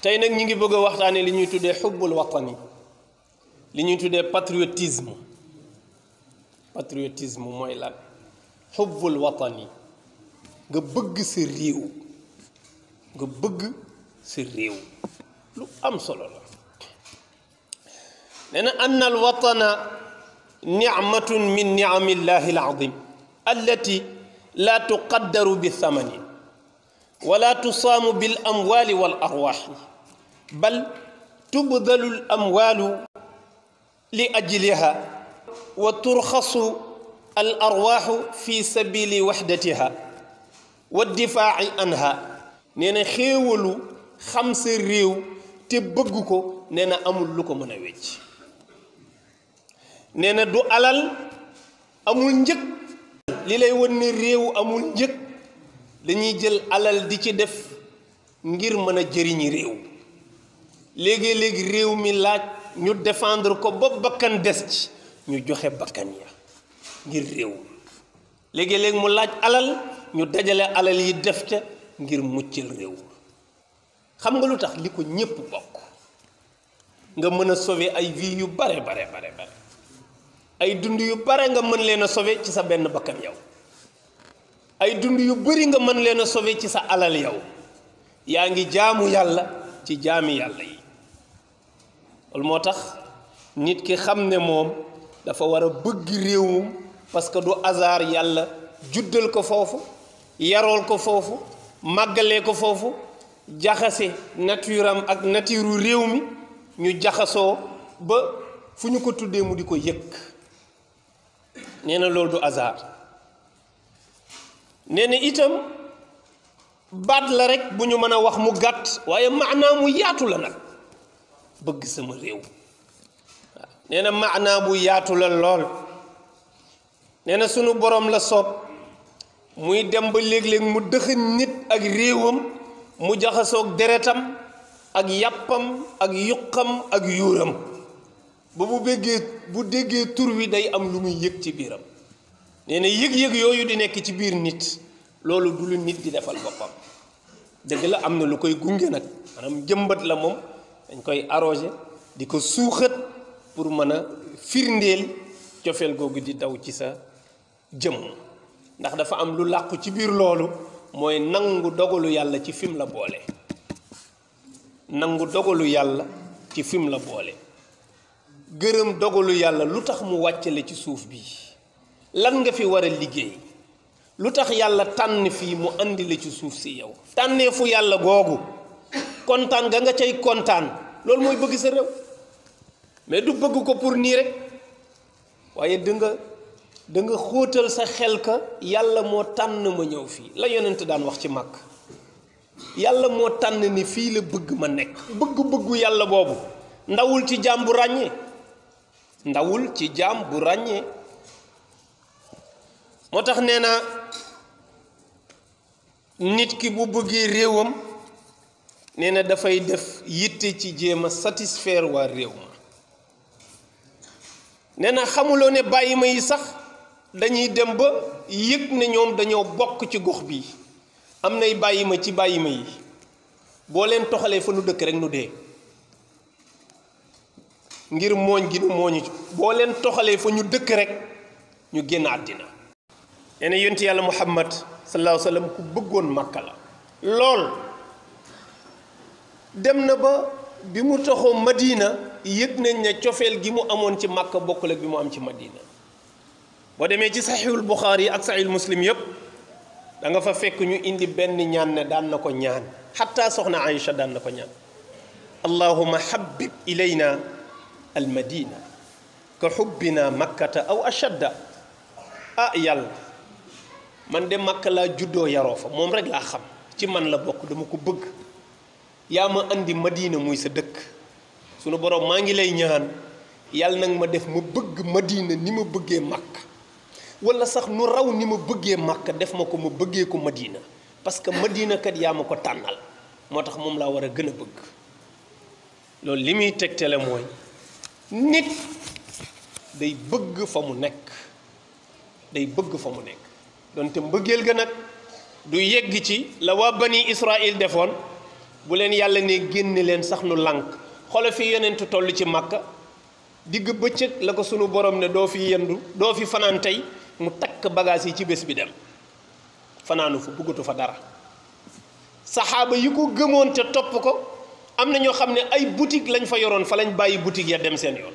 tay nak ñi ngi bëgg waxtane li ñuy tuddé xubbul watani li ñuy tuddé patriotisme patriotisme moy lan xubbul watani nga bëgg sa réew nga bëgg sa réew lu am solo la nena na al watana ni'matun min nicamillahi alazim allati la tuqaddaru bithamani ولا تصام بالأموال والأرواح بل تبذل الأموال لأجلها وترخص الأرواح في سبيل وحدتها والدفاع عنها نينا خيولو خمس ريو تبغكو نينا أمول لكو من ويج نينا دو ألال أمول نجك للي وني ريو أمول نجك dañuy jël alal di ci def ngir mën a jëriñi réew léegi léegi réew mi laaj ñu défendre ko ba bakkan des ci ñu joxe bakkan ya ngir réew léegi léegi mu laaj alal ñu dajale alal yi def ca ngir muccal réew xam nga lu tax li ko ñépp bokk nga mën a sauver ay vie yu bare bare bare ay dund yu bare nga mën leen a sauver ci sa benn bakkan yow ay dund yu bari nga mën leen a sauver ci sa alal yow yaa ngi jaamu yàlla ci jaami yàlla yi loolu moo tax nit ki xam ne moom dafa war a bëgg réewum parce que du hasard yàlla juddal ko foofu yarool ko foofu màggale ko foofu jaxase nature ak natiiru réew mi ñu jaxasoo ba fu ñu ko tuddee mu di ko yëg nee na loolu du hasard nee na itam baat la rekk bu ñu mën a wax mu gàtt waaye maanaa mu yaatu la nag bëgg sama réew waaw nee na maanaa bu yaatu la lool nee na sunu borom la soob muy dem ba léeg-léeg mu dëxëñ nit ak réewam mu jaxasoog deretam ak yàppam ak yuqam ak yuuram ba bu bëggee bu déggee tur wi day am lu muy yëg ci biiram nee yëg-yëg yooyu di nekk ci biir nit loolu du lu nit di defal boppam dëgg la am na lu koy gunge nag maanaam jëmbat la moom dañ koy arrosé di ko suuxat pour mën a firndeel cofeel googu di daw ci sa jëmm ndax dafa am lu làqu ci biir loolu mooy nangu dogalu yàlla ci fim la boole nangu dogalu yàlla ci fim la boole gërëm dogalu yàlla lu tax mu wàccale ci suuf bi lan nga fi war a liggéey lu tax yàlla tànn fii mu andi la ci suuf si yow tànneefu yàlla boobu kontaan ga nga cay kontaan loolu mooy bëgg sa réew mais du bëgg ko pour nii rek waaye da nga da nga xóotal sa xel ka yàlla moo tànn ma ñëw fii la yonent daan wax ci màkk yàlla moo tànn ni fii la bëgg ma nekk bëgg-bëggu yàlla boobu ndawul ci jaam bu ràññee ndawul ci jaam bu ràññee moo tax nee naa nit ki bu bëggee réewam nee na dafay def yitte ci jéema a waa réew ma nee na xamuloo ne bàyyi ma yi sax dañuy dem ba yëg ne ñoom dañoo bokk ci gox bi am nay bàyyi ma ci bàyyi ma yi boo leen toxalee fa nu dëkk rekk nu dee ngir mooñ gi nu mooñu boo leen toxalee fa ñu dëkk rekk ñu génn àddina nee na yonti yàlla muhammad sallallahu alayhi wa sallam ku bëggoon màkka la lool dem na ba bi mu taxoo madina yëg nañ ne cofeel gi mu amoon ci màkka bokkul ak bi mu am ci madina boo demee ci saxiihul buxaari ak saxiihul muslim yëpp da nga fa fekk ñu indi benn ñaan ne daan na ko ñaan xataa soxna Aïcha daan na ñaan allahuma habib ilayna almadina ka xubbina makkata aw ashadda ah yàlla man de màkk laa juddoo yaroo fa moom rek laa xam ci man la bokk dama ko bëgg yaa ma indi ma diina muy sa dëkk sunu borom maa ngi lay ñaan yàlla nag ma def ma bëgg ma diina ni ma bëggee màkk walla sax nu raw ni ma bëggee makk def ma ko ma bëggee ko madina parce que madina kat yaa ma ko tànnal moo tax moom laa war a gën a bëgg loolu li muy tegtale mooy nit day bëgg fa mu nekk day bëgg fa mu nekk donte mbëggeel ga nag du yegg ci la waa bani Israël defoon bu leen yàlla ne génne leen sax nu lànk xolo fi yonent toll ci màkka digg bëccëg la ko sunu borom ne doo fi yendu doo fi fanaan tey mu takk bagage yi ci bés bi dem fanaanu fa bëggatu fa dara saxaaba yi ko gëmoon te topp ko am na ñoo xam ne ay boutique lañ fa yoroon fa lañ bàyyi boutique ya dem seen yoon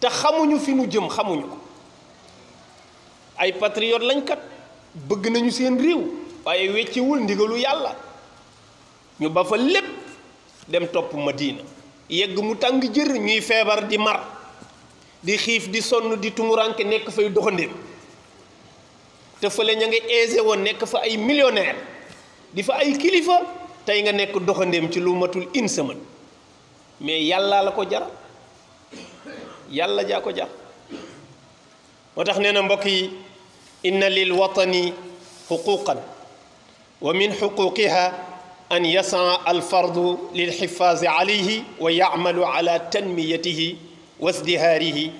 te xamuñu fi mu jëm xamuñu ko ay patriote lañ kat bëgg nañu seen réew waaye wecciwul ndigalu yàlla ñu ba fa lépp dem topp Madina yegg mu tàng jër ñuy feebar di mar di xiif di sonn di tumuraanke nekk fay doxandéem te fële ña nga aisé woon nekk fa ay millionnaire di fa ay kilifa tey nga nekk doxandéem ci lu matul une semaine mais yàllaa la ko jar yàlla jaa ko jar moo tax nee na mbokk yi إن للوطن حقوقا ومن حقوقها أن يسعى الفرد للحفاظ عليه ويعمل على تنميته وازدهاره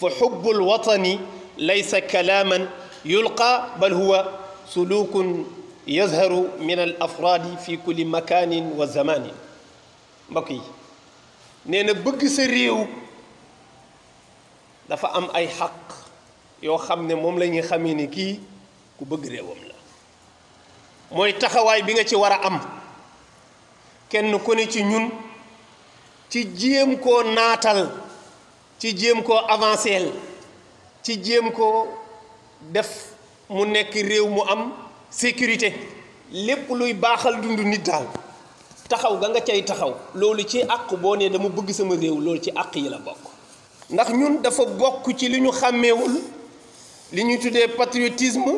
فحب الوطن ليس كلاما يلقى بل هو سلوك يظهر من الأفراد في كل مكان وزمان بقي نين بقى سريو دفع أم أي حق yoo xam ne moom la ñuy xamee ni kii ku bëgg réewam la mooy taxawaay bi nga ci war a am kenn ku ne ci ñun ci jéem koo naatal ci jéem koo avanceel ci jéem koo def mu nekk réew mu am sécurité lépp luy baaxal dund nit daal taxaw ga nga cay taxaw loolu ci àq boo ne dama bëgg sama réew loolu ci àq yi la bokk ndax ñun dafa bokk ci li ñu xàmmeewul li ñuy tuddee patriotisme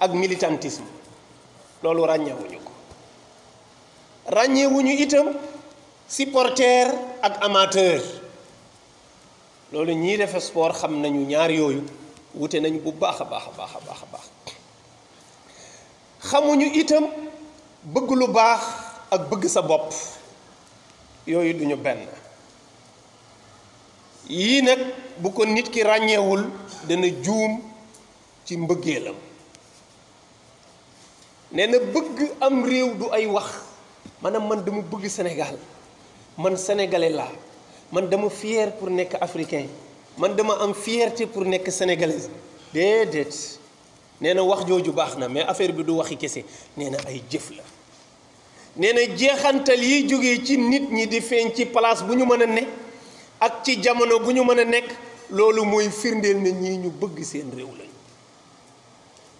ak militantisme loolu ràññeewuñu ko ràññeewuñu itam supporter ak amateur loolu ñii defe sport xam nañu ñaar yooyu wute nañ bu baax a baax a baax a baax a baax xamuñu itam bëgg lu baax ak bëgg sa bopp yooyu duñu benn yi nak bu ko nit ki jum dana juum ci mbeugelam neena bëgg am réew du ay wax manam man dama bëgg Sénégal man sénégalais la man dama fier pour nek africain man dama am fierté pour nek sénégalais Dedet, neena wax joju baxna mais affaire bi du waxi kessé neena ay jëf la neena jéxantal yi jógee ci nit ñi di fën ci place bu ñu mëna ne ak ci jamono bu ñu mën a nekk loolu mooy firndeel na ñii ñu bëgg seen réew lañu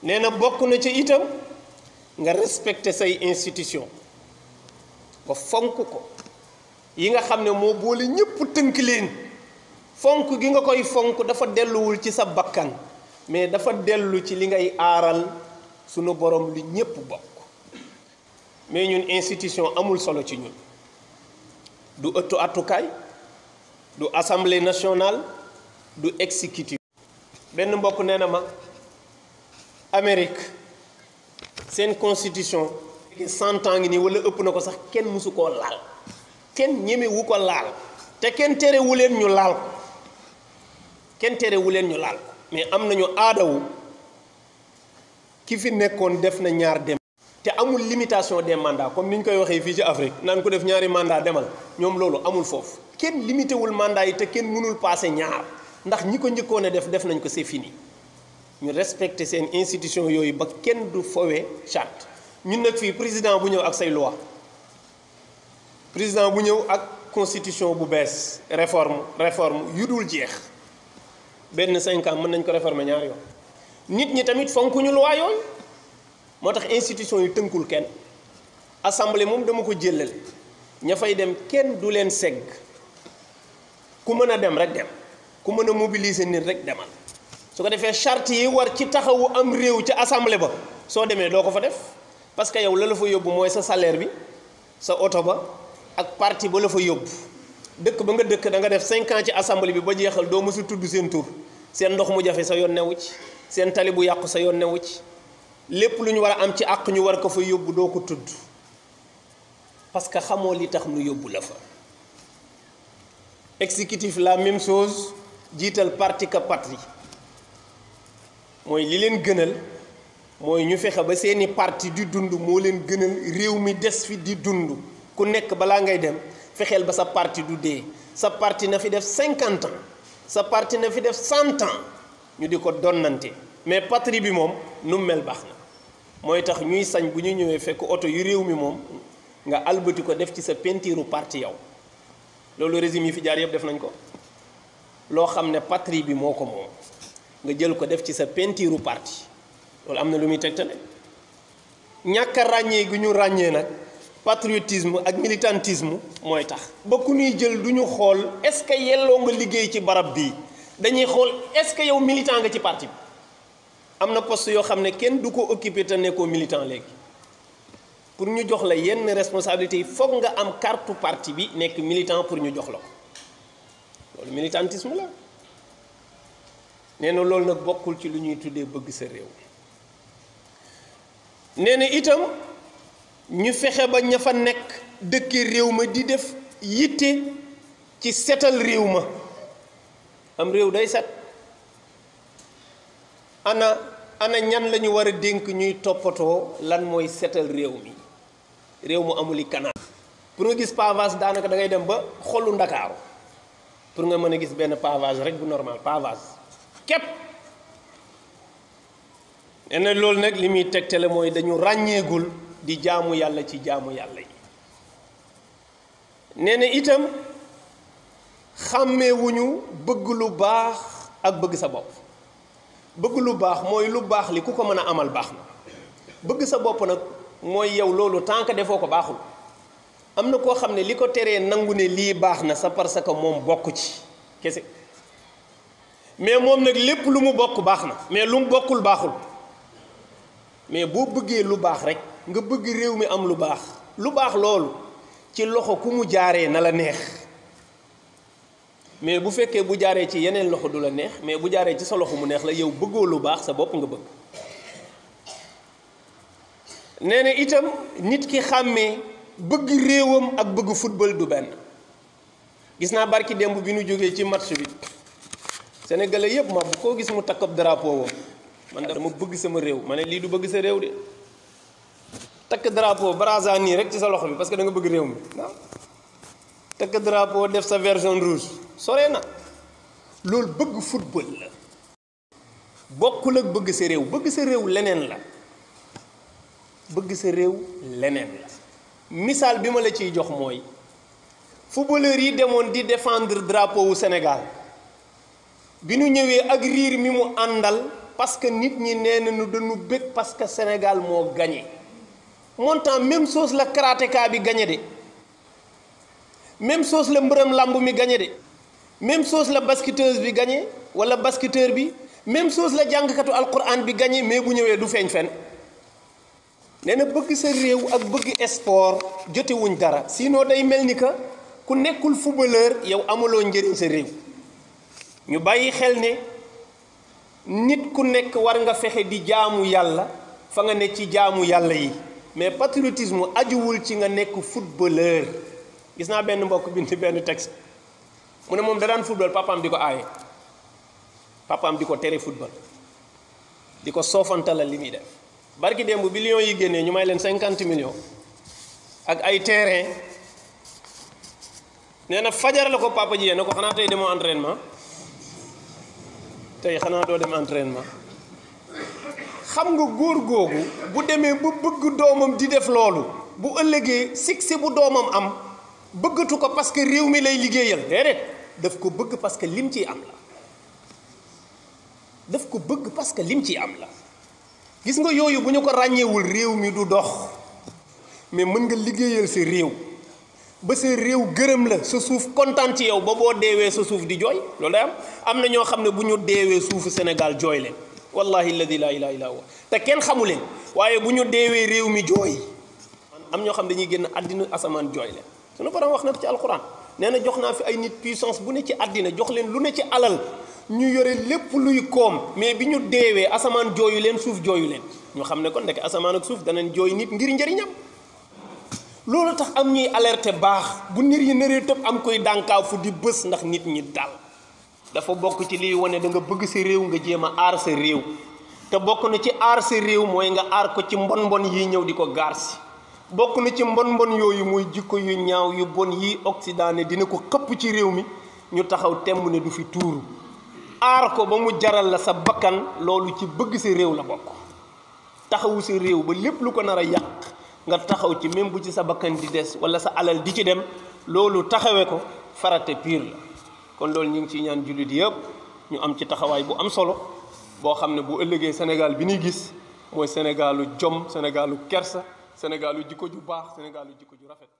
nee na bokk na ci itam nga respecté say institution nga fonk ko yi nga xam ne moo boole ñëpp tënk leen fonk gi nga koy fonk dafa delluwul ci sa bakkan mais dafa dellu ci li ngay aaral sunu borom li ñëpp bokk mais ñun institution amul solo ci ñun du ëttu attukaay du assemblée nationale du exécutif benn mbokk nee na ma Amérique seen constitution cent ans ngi nii wala ëpp na ko sax kenn mësu koo laal kenn ñemewu ko laal te kenn terewu leen ñu laal ko kenn terewu leen ñu laal mais am nañu aadawu ki fi nekkoon def na ñaar dem te amul limitation des mandats comme ni ñu koy waxee fii ci Afrique naan ko def ñaari mandat demal ñoom loolu amul foofu kenn limité wul mandat yi te kenn mënul passé ñaar ndax ñi ko njëkkoone def def nañ ko c'est ñu respecté seen institution yooyu ba kenn du fowee charte ñun nag fii président bu ñëw ak say président bu ñëw ak constitution bu bees réforme réforme yu dul jeex benn cinq mën nañ ko réformer ñaar yoon nit ñi tamit fonk ñu loi yoon moo tax institution yi tënkul kenn assemblée moom dama ko jëlal ña fay dem kenn du leen segg ku mën a dem rek dem ku mën a mobiliser nit rek demal su ko defee charte yi war ci taxawu am réew ci assemblée ba soo demee doo ko fa def parce que yow la la fa yóbbu mooy sa salaire bi sa oto ba ak parti ba la fa yóbbu dëkk ba nga dëkk da nga def cinq ans ci bi ba jeexal doo mësu tudd seen tur seen ndox mu jafe sa yoon newu ci seen tali bu yàqu sa yoon newu ci lépp lu ñu war a am ci àq ñu war a ko fa yóbbu doo ko tudd parce que xamoo li tax nu yóbbu la fa exécutif la même chose jiital parti que patrie mooy li leen gënal mooy ñu fexe ba seeni parti di dund moo leen gënal réew mi des fi di dund ku nekk balaa ngay dem fexeel ba sa parti du dee sa parti na fi def cinquante ans sa parti na fi def cent ans ñu di ko donnante mais patrie bi moom nu mel baax na mooy tax ñuy sañ bu ñu ñëwee fekk oto yu réew mi moom nga albati ko def ci sa peinture parti yow loolu régime yi fi jaar yëpp def nañ ko loo xam ne patrie bi moo ko moom nga jël ko def ci sa peinture parti loolu am na lu muy tegtale ñàkk a ràññee gi ñu ràññee nag patriotisme ak militantisme mooy tax ba ku ñuy jël du ñu xool est-ce que yelloo nga liggéey ci barab bii dañuy xool est-ce que yow militant nga ci parti bi amna poste yo xam kenn du ko occupé te militant léegi pour ñu jox la yenn responsabilité yi nga am carte parti bi nek militant pour ñu jox la ko militantisme la néna na nak bokul ci lu ñuy tuddee bëgg sa réew néna itam ñu fexé ba ñafa nek nekk réew ma di def yitte ci sétal réew ma am réew day sat. ana ana ñan la war a dénk ñuy toppatoo lan mooy setal réew mi réew mu amul i canal pour nga gis pavage daanaka da ngay dem ba xolu ndakaaru pour nga mën a gis benn pavage rek bu normal pavage képp nee na loolu nag li muy teg tegtale mooy dañu ràññeekul di jaamu yàlla ci jaamu yàlla yi nee na itam xàmmewuñu bëgg lu baax ak bëgg sa bopp bëgg lu baax mooy lu baax li ku ko mën a amal baax na bëgg sa bopp nag mooy yow loolu tànk defoo ko baaxul am na koo xam ne li ko teree nangu ne lii baax na sa parce que moom bokk ci kese mais moom nag lépp lu mu bokk baax na mais lu mu bokkul baaxul mais boo bëggee lu baax rek nga bëgg réew mi am lu baax lu baax loolu ci loxo ku mu jaaree na la neex mais bu fekkee bu jaaree ci yeneen loxo du la neex mais bu jaaree ci sa loxo mu neex la yow bëggoo lu baax sa bopp nga bëgg nee na itam nit ki xàmmee bëgg réewam ak bëgg football du benn gis naa barki démb bi nu jógee ci match bi sénégalais yëpp ma bu gis mu takk ab drapeau wam man dama bëgg sama réew ma ne lii du bëgg sa réew de takk drapeau brasa nii rek ci sa loxo bi parce que da nga bëgg réew mi takk drapeau def sa version rouge sore na loolu bëgg football la bokkul ak bëgg sa réew bëgg sa réew leneen la bëgg sa réew leneen la misaal bi ma la ciy jox mooy footballeur yi demoon di defendre drapeau wu Sénégal bi ñu ñëwee ak riir mi mu àndal parce que nit ñi nee nañu dañu bëgg parce que Sénégal moo gañe montant même soos la karatéka bi gagné de même chose la mbërëm làmb mi gagné de. même chose la basketteuse bi gañe wala basketteur bi même chose la jàngkatu alquran bi gañe mais bu ñëwee du feeñ fen nee na bëgg sa réew ak bëgg sport jotewuñ dara sinon day mel ni que ku nekkul footballeur yow amuloo njëriñ sa réew ñu bàyyi xel ne nit ku nekk war nga fexe di jaamu yàlla fa nga ne ci jaamu yàlla yi mais patriotisme ajuwul ci nga nekk footballeur gis naa benn mbokk bind benn texte mu ne moom da daan football papaam di ko aaye papaam di ko tere football di ko soofantalal li muy def barki démb bi Lions yi génnee ñu may leen cinquante millions ak ay terrain nee na fajar ko papa ji yee ko xanaa tey demoo entraînement tey xanaa doo dem entraînement xam nga góor googu bu demee ba bëgg doomam di def loolu bu ëllëgee succès bu doomam am bëggatu ko parce que réew mi lay liggéeyal déedéet daf ko bëgg parce que lim ciy am la ko bëgg parce que lim ciy am la gis nga yooyu bu ñu ko ràññeewul réew mi du dox mais mën nga liggéeyal sa réew ba sa réew gërëm la sa suuf kontaan ci yow ba boo deewee sa suuf di jooy loolu day am am na ñoo xam ne bu ñu deewee suufu Sénégal jooy leen wallahi alladi laa ilaaha illa huwa te kenn xamu leen waaye bu ñu deewee réew mi jooy am ñoo xam dañuy génn àddina asamaan jooy leen suñu borom wax na ko ci alquran nee na jox naa fi ay nit puissance bu ne ci àddina jox leen lu ne ci alal ñu yore lépp luy koom mais bi ñu deewee asamaan jooyu leen suuf jooyu leen ñu xam ne kon ndek asamaan ak suuf danañ jooy nit ngir njëriñam loolu tax am ñuy alerté baax bu nit yi nëree tëb am koy dànkaafu di bës ndax nit ñi dal dafa bokk ci liy wane da nga bëgg sa réew nga jéem a aar sa réew te bokk na ci aar sa réew mooy nga aar ko ci mbon mbon yi ñëw di ko gaar si bokk na ci mbon mbon yooyu muy jikko yu ñaaw yu bon yi Occident ne dina ko xëpp ci réew mi ñu taxaw temm ne du fi tuuru aar ko ba mu jaral la sa bakkan loolu ci bëgg sa réew la bokk taxawu sa réew ba lépp lu ko nar a yàq nga taxaw ci même bu ci sa bakkan di des wala sa alal di ci dem loolu taxawee ko farate piir la kon loolu ñu ngi ciy ñaan jullit yëpp ñu am ci taxawaay bu am solo boo xam ne bu ëllëgee Sénégal bi ñuy gis mooy Sénégalu jom Sénégalu kersa Sénégal yu jikko ju baax Sénégal yu jikko ju rafet